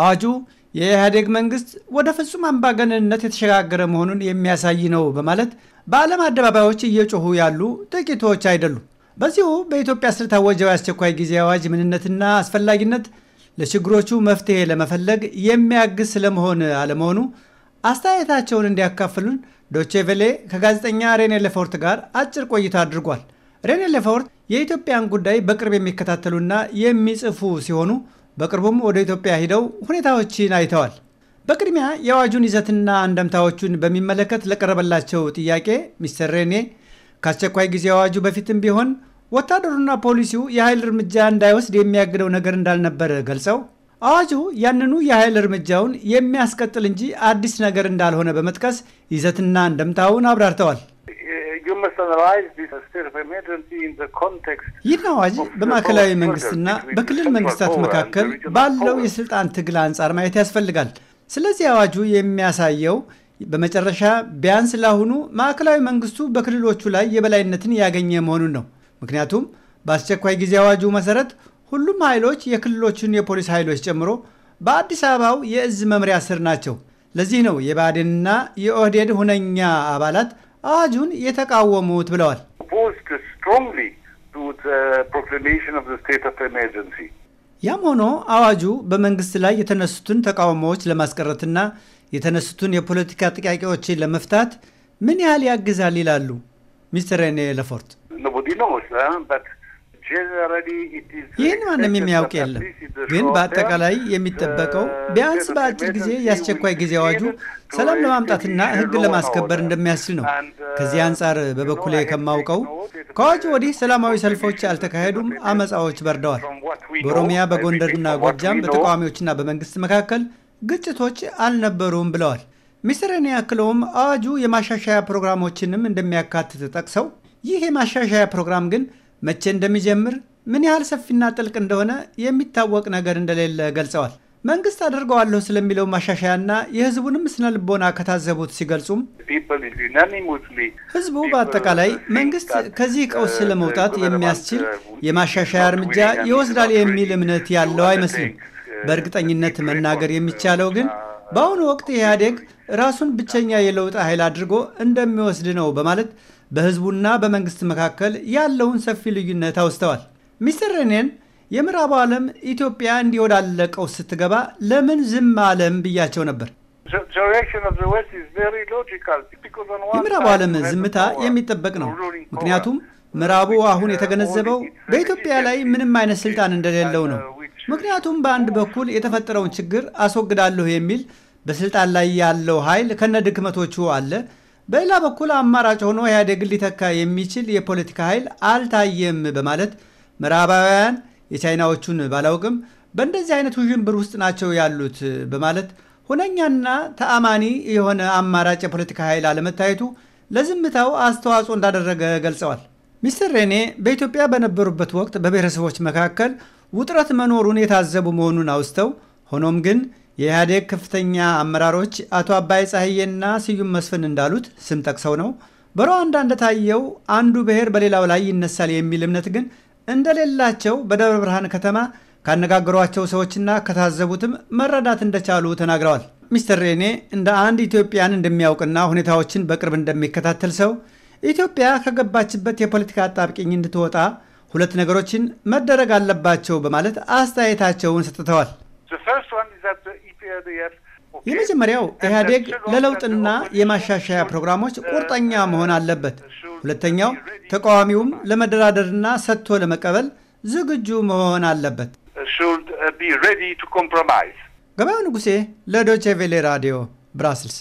አዋጁ የኢህአዴግ መንግስት ወደ ፍጹም አምባገነንነት የተሸጋገረ መሆኑን የሚያሳይ ነው በማለት በዓለም አደባባዮች እየጮሁ ያሉ ጥቂቶች አይደሉም። በዚሁ በኢትዮጵያ ስር ታወጀው የአስቸኳይ ጊዜ አዋጅ ምንነትና አስፈላጊነት ለችግሮቹ መፍትሄ ለመፈለግ የሚያግዝ ስለመሆን አለመሆኑ አስተያየታቸውን እንዲያካፍሉን ዶቼ ቬሌ ከጋዜጠኛ ሬኔ ለፎርት ጋር አጭር ቆይታ አድርጓል። ሬኔ ለፎርት የኢትዮጵያን ጉዳይ በቅርብ የሚከታተሉና የሚጽፉ ሲሆኑ በቅርቡም ወደ ኢትዮጵያ ሂደው ሁኔታዎችን አይተዋል። በቅድሚያ የአዋጁን ይዘትና አንደምታዎቹን በሚመለከት ለቀረበላቸው ጥያቄ ሚስተር ሬኔ ከአስቸኳይ ጊዜ አዋጁ በፊትም ቢሆን ወታደሩና ፖሊሲው የኃይል እርምጃ እንዳይወስድ የሚያግደው ነገር እንዳልነበረ ገልጸው አዋጁ ያንኑ የኃይል እርምጃውን የሚያስቀጥል እንጂ አዲስ ነገር እንዳልሆነ በመጥቀስ ይዘትና እንደምታውን አብራርተዋል። ይህ አዋጅ በማዕከላዊ መንግስትና በክልል መንግስታት መካከል ባለው የስልጣን ትግል አንጻር ማየት ያስፈልጋል። ስለዚህ አዋጁ የሚያሳየው በመጨረሻ ቢያንስ ለአሁኑ ማዕከላዊ መንግስቱ በክልሎቹ ላይ የበላይነትን ያገኘ መሆኑን ነው። ምክንያቱም በአስቸኳይ ጊዜ አዋጁ መሰረት ሁሉም ኃይሎች የክልሎችን የፖሊስ ኃይሎች ጨምሮ በአዲስ አበባው የእዝ መምሪያ ስር ናቸው። ለዚህ ነው የባዴንና የኦህዴድ ሁነኛ አባላት አዋጁን የተቃወሙት ብለዋል። ያም ሆኖ አዋጁ በመንግስት ላይ የተነሱትን ተቃውሞዎች ለማስቀረትና የተነሱትን የፖለቲካ ጥያቄዎችን ለመፍታት ምን ያህል ያግዛል ይላሉ ሚስተር ኔ ለፎርት። ይህን ማንም የሚያውቅ የለም። ግን በአጠቃላይ የሚጠበቀው ቢያንስ በአጭር ጊዜ የአስቸኳይ ጊዜ አዋጁ ሰላም ለማምጣትና ህግ ለማስከበር እንደሚያስችል ነው። uh, ከዚህ አንጻር በበኩሌ ከማውቀው ከአዋጁ ወዲህ ሰላማዊ ሰልፎች አልተካሄዱም፣ አመፃዎች በርደዋል። በኦሮሚያ በጎንደርና ጎጃም በተቃዋሚዎችና በመንግስት መካከል ግጭቶች አልነበሩም ብለዋል። ኔ ያክለውም አዋጁ የማሻሻያ ፕሮግራሞችንም እንደሚያካትት ጠቅሰው ይህ የማሻሻያ ፕሮግራም ግን መቼ እንደሚጀምር ምን ያህል ሰፊና ጥልቅ እንደሆነ የሚታወቅ ነገር እንደሌለ ገልጸዋል። መንግስት አድርገዋለሁ ስለሚለው ማሻሻያና የህዝቡንም ስነ ልቦና ከታዘቡት ሲገልጹም ህዝቡ በአጠቃላይ መንግስት ከዚህ ቀውስ uh, ለመውጣት የሚያስችል uh, የማሻሻያ እርምጃ ይወስዳል የሚል እምነት ያለው አይመስልም። uh, በእርግጠኝነት መናገር የሚቻለው ግን በአሁኑ ወቅት ኢህአዴግ ራሱን ብቸኛ የለውጥ ኃይል አድርጎ እንደሚወስድ ነው በማለት በህዝቡና በመንግስት መካከል ያለውን ሰፊ ልዩነት አውስተዋል። ሚስተር ሬኔን የምዕራቡ ዓለም ኢትዮጵያ እንዲህ ስትገባ ለምን ዝም አለም ብያቸው ነበር። የምዕራቡ ዓለም ዝምታ የሚጠበቅ ነው። ምክንያቱም ምዕራቡ አሁን የተገነዘበው በኢትዮጵያ ላይ ምንም አይነት ስልጣን እንደሌለው ነው። uh, ምክንያቱም በአንድ በኩል የተፈጠረውን ችግር አስወግዳለሁ የሚል በስልጣን ላይ ያለው ኃይል ከነ ድክመቶቹ አለ። በሌላ በኩል አማራጭ ሆኖ ኢህአዴግን ሊተካ የሚችል የፖለቲካ ኃይል አልታየም በማለት ምዕራባውያን የቻይናዎቹን ባላውቅም በእንደዚህ አይነት ውዥንብር ውስጥ ናቸው ያሉት በማለት ሁነኛና ተአማኒ የሆነ አማራጭ የፖለቲካ ኃይል አለመታየቱ ለዝምታው አስተዋጽኦ እንዳደረገ ገልጸዋል። ሚስትር ሬኔ በኢትዮጵያ በነበሩበት ወቅት በብሔረሰቦች መካከል ውጥረት መኖሩን የታዘቡ መሆኑን አውስተው ሆኖም ግን የኢህአዴግ ከፍተኛ አመራሮች አቶ አባይ ፀሐዬና ስዩም መስፍን እንዳሉት ስም ጠቅሰው ነው በሩዋንዳ እንደታየው አንዱ ብሔር በሌላው ላይ ይነሳል የሚል እምነት ግን እንደሌላቸው በደብረ ብርሃን ከተማ ካነጋገሯቸው ሰዎችና ከታዘቡትም መረዳት እንደቻሉ ተናግረዋል። ሚስተር ሬኔ እንደ አንድ ኢትዮጵያን እንደሚያውቅና ሁኔታዎችን በቅርብ እንደሚከታተል ሰው ኢትዮጵያ ከገባችበት የፖለቲካ አጣብቂኝ እንድትወጣ ሁለት ነገሮችን መደረግ አለባቸው በማለት አስተያየታቸውን ሰጥተዋል። የመጀመሪያው ኢህአዴግ ለለውጥና የማሻሻያ ፕሮግራሞች ቁርጠኛ መሆን አለበት። ሁለተኛው ተቃዋሚውም ለመደራደርና ሰጥቶ ለመቀበል ዝግጁ መሆን አለበት። ገበያው ንጉሴ ለዶቼ ቬሌ ራዲዮ ብራስልስ